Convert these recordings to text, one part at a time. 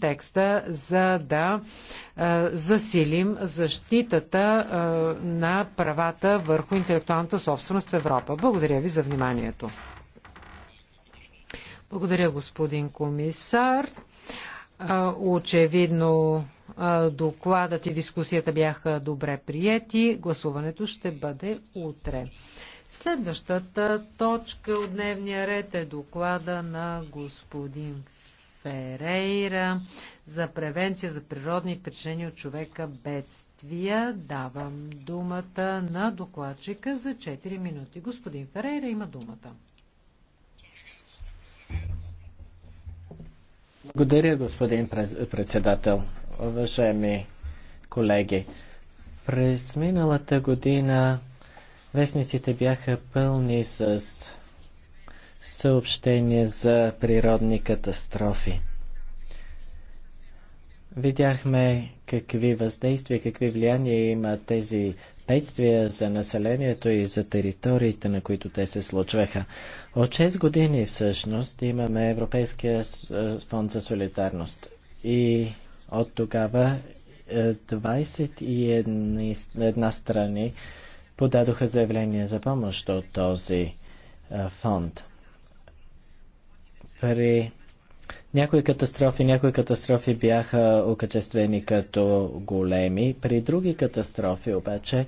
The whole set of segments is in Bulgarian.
текста, за да засилим защитата на правата върху интелектуалната собственост в Европа. Благодаря ви за вниманието. Благодаря, господин комисар. Очевидно докладът и дискусията бяха добре приети. Гласуването ще бъде утре. Следващата точка от дневния ред е доклада на господин Ферейра за превенция за природни причини от човека бедствия. Давам думата на докладчика за 4 минути. Господин Ферейра има думата. Благодаря, господин председател. Уважаеми колеги, през миналата година вестниците бяха пълни с съобщение за природни катастрофи. Видяхме какви въздействия, какви влияния има тези бедствия за населението и за териториите, на които те се случваха. От 6 години всъщност имаме Европейския е, фонд за солидарност. И от тогава 21 е, страни подадоха заявление за помощ от този е, фонд при някои катастрофи, някои катастрофи бяха окачествени като големи, при други катастрофи обаче,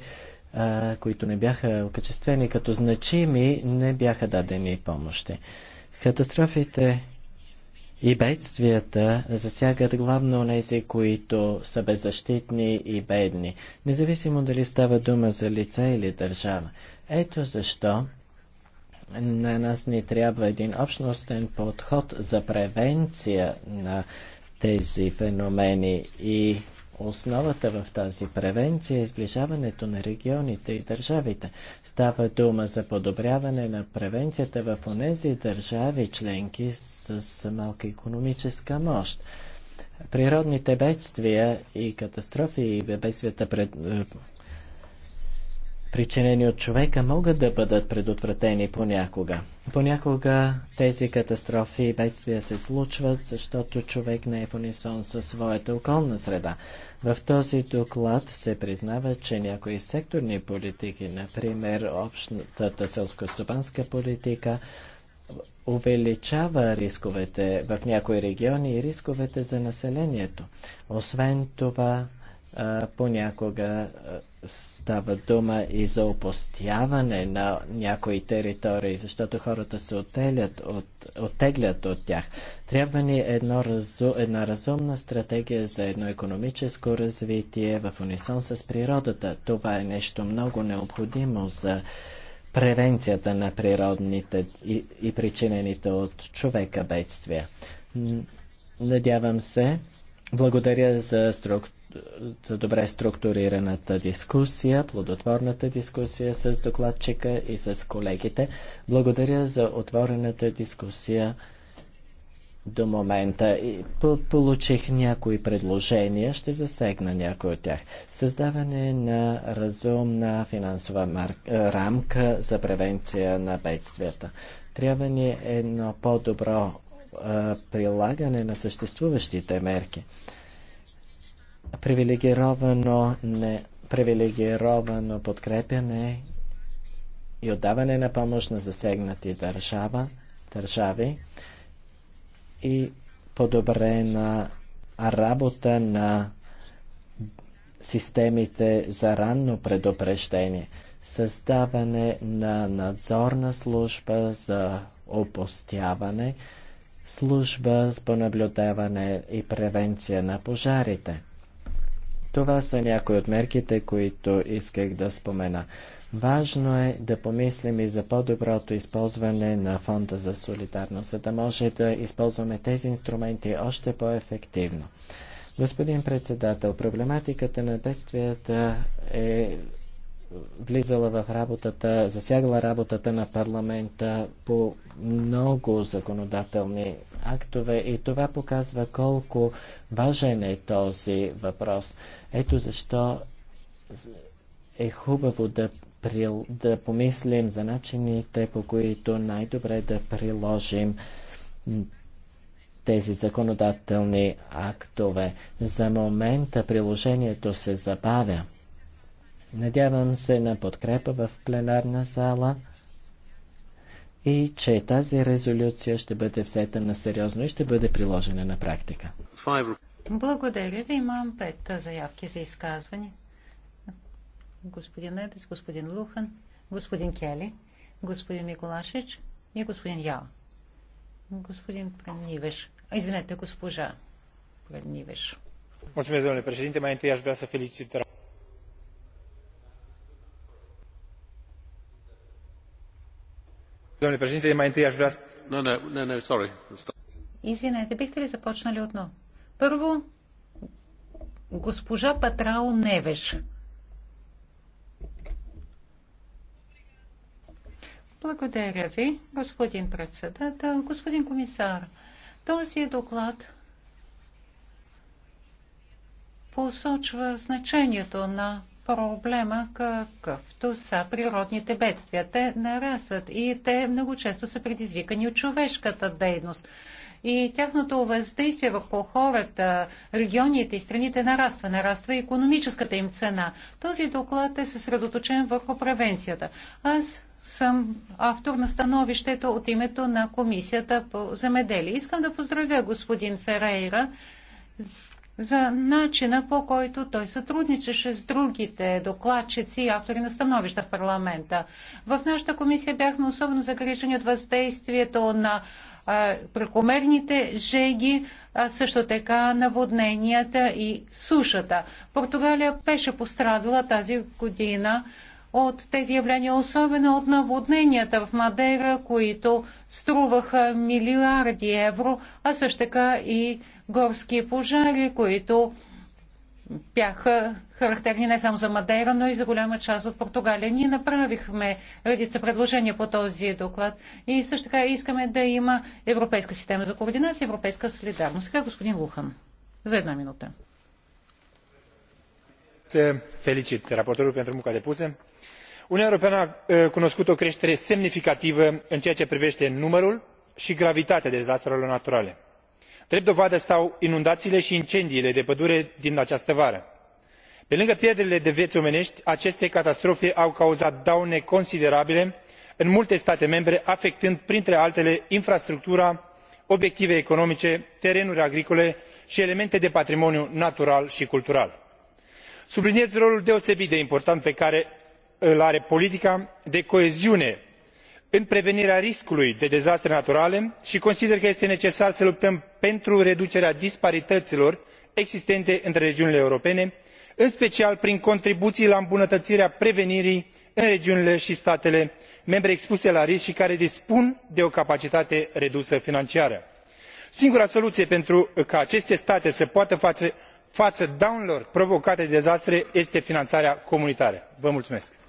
а, които не бяха окачествени като значими, не бяха дадени помощи. Катастрофите и бедствията засягат главно тези, които са беззащитни и бедни, независимо дали става дума за лице или държава. Ето защо на нас ни трябва един общностен подход за превенция на тези феномени и основата в тази превенция е изближаването на регионите и държавите. Става дума за подобряване на превенцията в онези държави членки с малка економическа мощ. Природните бедствия и катастрофи и бедствията пред, причинени от човека, могат да бъдат предотвратени понякога. Понякога тези катастрофи и бедствия се случват, защото човек не е понесон със своята околна среда. В този доклад се признава, че някои секторни политики, например общата селско-стопанска политика, увеличава рисковете в някои региони и рисковете за населението. Освен това, понякога става дума и за опустяване на някои територии, защото хората се отелят от, оттеглят от тях. Трябва ни едно разу, една разумна стратегия за едно економическо развитие в унисон с природата. Това е нещо много необходимо за превенцията на природните и, и причинените от човека бедствия. Надявам се, благодаря за структурата за добре структурираната дискусия, плодотворната дискусия с докладчика и с колегите. Благодаря за отворената дискусия до момента. И по получих някои предложения, ще засегна някои от тях. Създаване на разумна финансова е, рамка за превенция на бедствията. Трябва ни едно по-добро е, прилагане на съществуващите мерки привилегировано, не, привилегировано подкрепяне и отдаване на помощ на засегнати държава, държави и подобрена работа на системите за ранно предупреждение, създаване на надзорна служба за опостяване, служба с понаблюдаване и превенция на пожарите – това са някои от мерките, които исках да спомена. Важно е да помислим и за по-доброто използване на Фонда за солидарност, за да може да използваме тези инструменти още по-ефективно. Господин председател, проблематиката на бедствията е влизала в работата, засягала работата на парламента по много законодателни актове и това показва колко важен е този въпрос. Ето защо е хубаво да, прил, да помислим за начините, по които най-добре да приложим тези законодателни актове. За момента приложението се забавя. Надявам се на подкрепа в пленарна зала и че тази резолюция ще бъде взета на сериозно и ще бъде приложена на практика. Благодаря ви. Имам пет заявки за изказване. Господин Едес, господин Лухан, господин Кели, господин Миколашич и господин Яо. Господин Пренивеш. Извинете, госпожа Пренивеш. Mulțumesc, domnule președinte. Mai întâi aș vrea să felicit Извинете, бихте ли започнали отново? Първо, госпожа Патрао Невеш. Благодаря ви, господин председател, господин комисар. Този доклад посочва значението на проблема, какъвто са природните бедствия. Те нарастват и те много често са предизвикани от човешката дейност. И тяхното въздействие върху хората, регионите и страните нараства. Нараства и економическата им цена. Този доклад е съсредоточен върху превенцията. Аз съм автор на становището от името на Комисията по земеделие. Искам да поздравя господин Ферейра за начина по който той сътрудничеше с другите докладчици и автори на становища в парламента. В нашата комисия бяхме особено загрижени от въздействието на прекомерните жеги, а също така наводненията и сушата. Португалия беше пострадала тази година от тези явления, особено от наводненията в Мадейра, които струваха милиарди евро, а също така и горски пожари, които бяха характерни не само за Мадейра, но и за голяма част от Португалия. Ние направихме редица предложения по този доклад и също така искаме да има европейска система за координация, европейска солидарност. Сега господин Лухан, за една минута. Felicit raportorul pentru munca depusă uniunea europeană a cunoscut o cretere semnificativă în ceea ce privete numărul i gravitatea dezastrelor naturale. drept dovadă stau inundaiile i incendiile de pădure din această vară. pe lângă pierderile de viei omeneti aceste catastrofe au cauzat daune considerabile în multe state membre afectând printre altele infrastructura obiective economice terenuri agricole i elemente de patrimoniu natural i cultural. subliniez rolul deosebit de important pe care îl are politica de coeziune în prevenirea riscului de dezastre naturale i consider că este necesar să luptăm pentru reducerea disparităilor existente între regiunile europene în special prin contribuii la îmbunătăirea prevenirii în regiunile i statele membre expuse la risc i care dispun de o capacitate redusă financiară. singura soluie pentru ca aceste state să poată face faă daunelor provocate de dezastre este finanarea comunitară. Vă mulțumesc.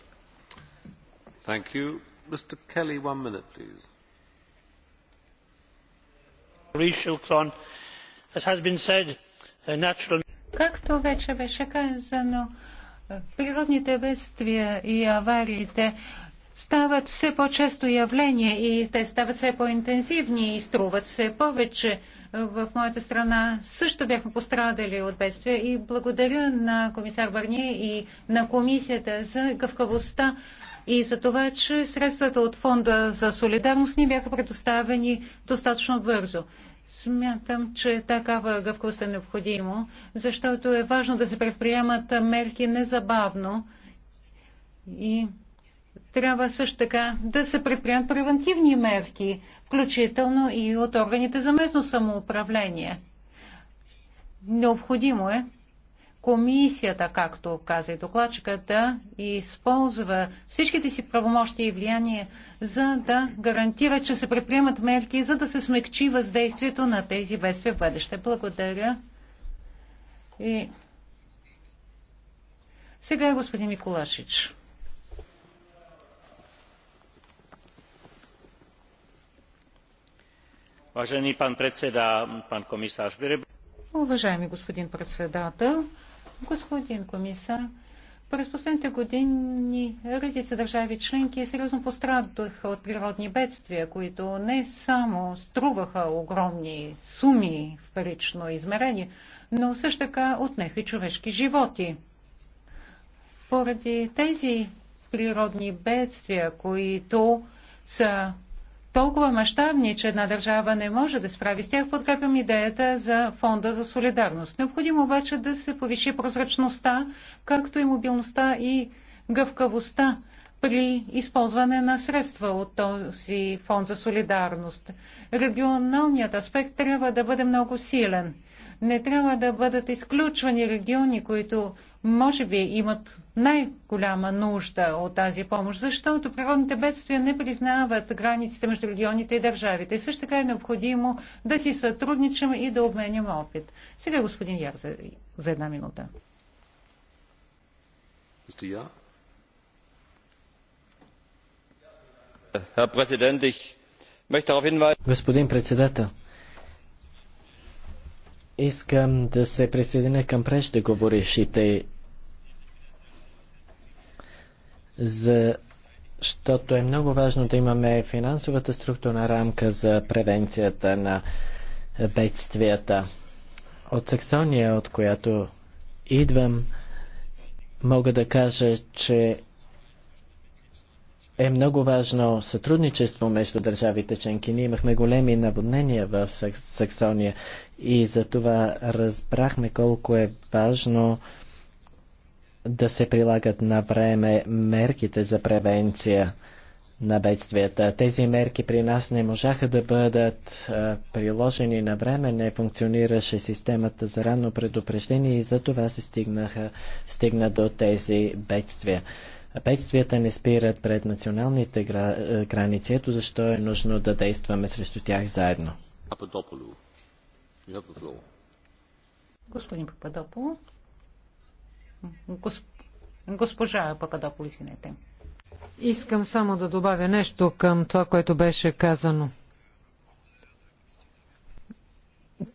Както вече беше казано, природните бедствия и авариите стават все по-често явление и те стават все по-интензивни и струват все повече в моята страна също бяхме пострадали от бедствия и благодаря на комисар Барни и на комисията за гъвкавостта и за това, че средствата от фонда за солидарност ни бяха предоставени достатъчно бързо. Смятам, че такава гъвкавост е необходимо, защото е важно да се предприемат мерки незабавно и трябва също така да се предприемат превентивни мерки, включително и от органите за местно самоуправление. Необходимо е комисията, както каза и докладчика, да използва всичките си правомощи и влияние, за да гарантира, че се предприемат мерки, за да се смекчи въздействието на тези бедствия в бъдеще. Благодаря. И сега е господин Миколашич. Уважаеми пан председа, пан комисар Уважаеми господин председател, господин комисар, през последните години редица държави членки сериозно пострадаха от природни бедствия, които не само струваха огромни суми в парично измерение, но също така отнеха и човешки животи. Поради тези природни бедствия, които са толкова мащабни, че една държава не може да справи с тях, подкрепям идеята за фонда за солидарност. Необходимо обаче да се повиши прозрачността, както и мобилността и гъвкавостта при използване на средства от този фонд за солидарност. Регионалният аспект трябва да бъде много силен. Не трябва да бъдат изключвани региони, които може би имат най-голяма нужда от тази помощ, защото природните бедствия не признават границите между регионите и държавите. И също така е необходимо да си сътрудничим и да обменям опит. Сега господин Яр за, за една минута. Господин председател, искам да се присъединя към преждеговорившите защото е много важно да имаме финансовата структурна рамка за превенцията на бедствията. От Саксония, от която идвам, мога да кажа, че е много важно сътрудничество между държавите членки. Ние имахме големи наводнения в Саксония и за това разбрахме колко е важно да се прилагат на време мерките за превенция на бедствията. Тези мерки при нас не можаха да бъдат а, приложени на време, не функционираше системата за ранно предупреждение и за това се стигнаха, стигна до тези бедствия. Бедствията не спират пред националните гра... граници, ето защо е нужно да действаме срещу тях заедно. Господин Пападополо. Госпожа Пакадопол, извинете. Искам само да добавя нещо към това, което беше казано.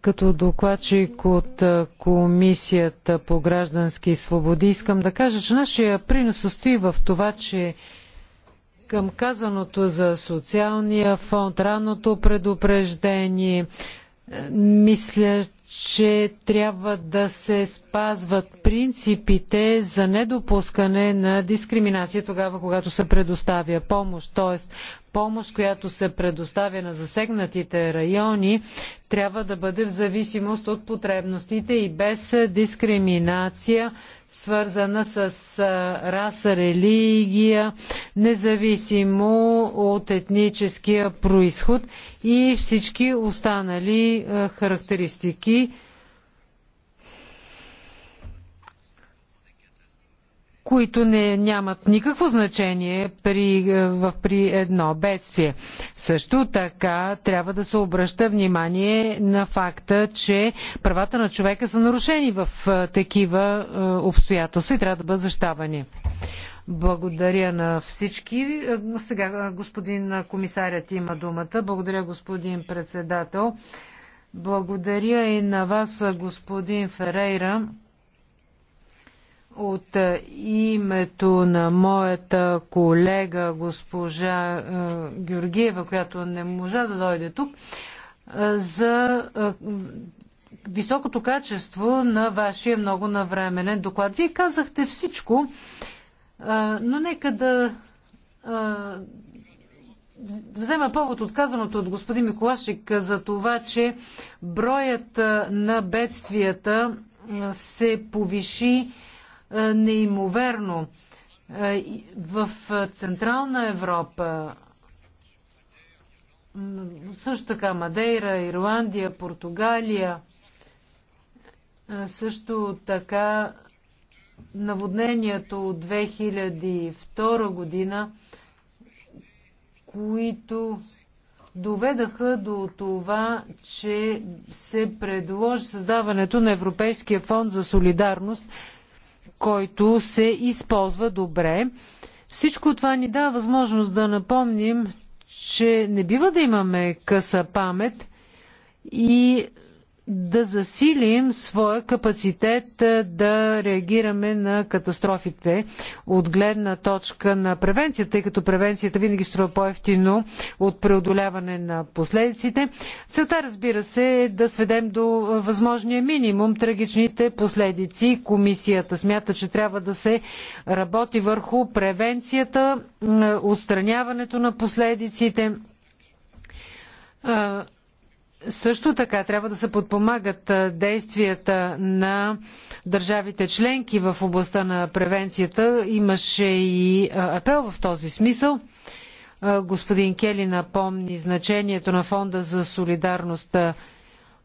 Като докладчик от Комисията по граждански свободи, искам да кажа, че нашия принос стои в това, че към казаното за социалния фонд, ранното предупреждение, е, мисля, че трябва да се спазват принципите за недопускане на дискриминация тогава, когато се предоставя помощ. Тоест, помощ, която се предоставя на засегнатите райони, трябва да бъде в зависимост от потребностите и без дискриминация, свързана с раса, религия, независимо от етническия происход и всички останали характеристики които не, нямат никакво значение при, е, при едно бедствие. Също така трябва да се обръща внимание на факта, че правата на човека са нарушени в е, такива е, обстоятелства и трябва да бъдат защавани. Благодаря на всички. Сега господин комисарят има думата. Благодаря господин председател. Благодаря и на вас, господин Ферейра. От е, името на моята колега госпожа е, Георгиева, която не можа да дойде тук, е, за високото качество на вашия много навременен доклад. Вие казахте всичко, но нека да взема повод от казаното от господин Миколашик за това, че броят на бедствията се повиши е, неимоверно. Е, в Централна Европа, също така Мадейра, Ирландия, Португалия, е, също така наводнението от 2002 година, които доведаха до това, че се предложи създаването на Европейския фонд за солидарност, който се използва добре. Всичко това ни дава възможност да напомним, че не бива да имаме къса памет и да засилим своя капацитет е, да реагираме на катастрофите от гледна точка на превенцията, тъй като превенцията винаги струва по-ефтино от преодоляване на последиците. Целта, разбира се, е да сведем до възможния минимум трагичните последици. Комисията смята, че трябва да се работи върху превенцията, е, отстраняването на последиците е, също така трябва да се подпомагат действията на държавите членки в областта на превенцията. Имаше и апел в този смисъл. Господин Кели напомни значението на Фонда за солидарност.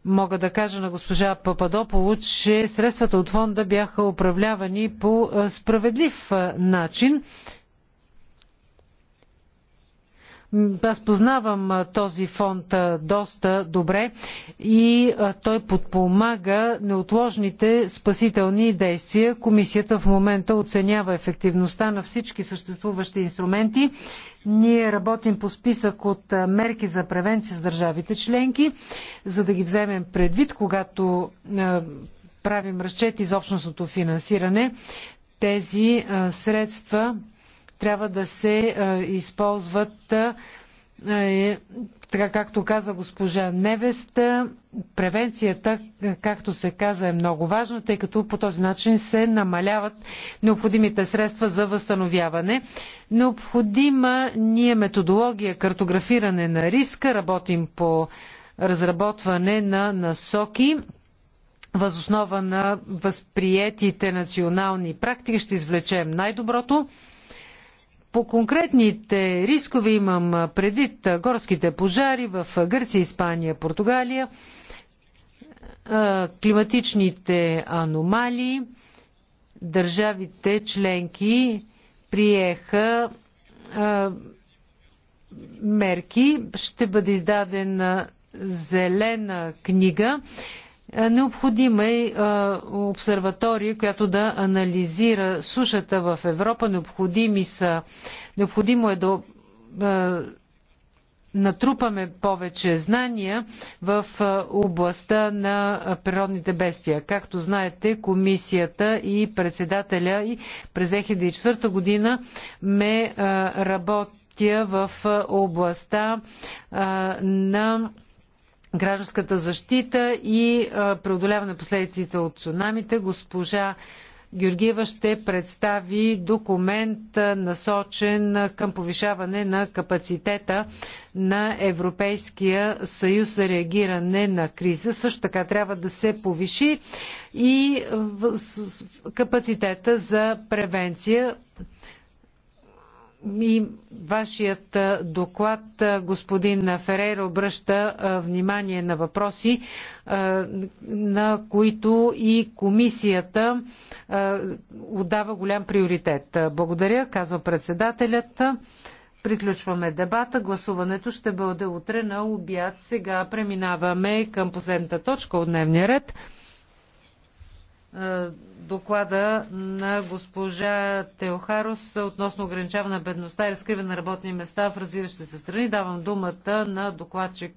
Мога да кажа на госпожа Пападополу, че средствата от фонда бяха управлявани по справедлив начин аз познавам този фонд доста добре и той подпомага неотложните спасителни действия. Комисията в момента оценява ефективността на всички съществуващи инструменти. Ние работим по списък от мерки за превенция с държавите членки, за да ги вземем предвид, когато правим разчети за общностното финансиране. Тези средства трябва да се използват е, така както каза госпожа Невеста, превенцията, както се каза, е много важна, тъй като по този начин се намаляват необходимите средства за възстановяване. Необходима ни е методология, картографиране на риска, работим по разработване на насоки. Възоснова на възприетите национални практики ще извлечем най-доброто по конкретните рискове имам предвид горските пожари в Гърция, Испания, Португалия, климатичните аномалии. Държавите членки приеха мерки. Ще бъде издадена зелена книга е, необходима е, е обсерватория, която да анализира сушата в Европа. Необходими са, необходимо е да е, натрупаме повече знания в областта на природните бедствия. Както знаете, комисията и председателя и през 2004 година ме работя в областта на гражданската защита и преодоляване последиците от цунамите. Госпожа Георгиева ще представи документ насочен към повишаване на капацитета на Европейския съюз за реагиране на криза. Също така трябва да се повиши и капацитета за превенция. И вашият доклад, господин Ферейра, обръща внимание на въпроси, на които и комисията отдава голям приоритет. Благодаря, казва председателят. Приключваме дебата. Гласуването ще бъде утре на обяд. Сега преминаваме към последната точка от дневния ред. Е, доклада на госпожа Теохарос относно ограничаване на бедността и разкриване на работни места в развиващите се страни. Давам думата на докладчик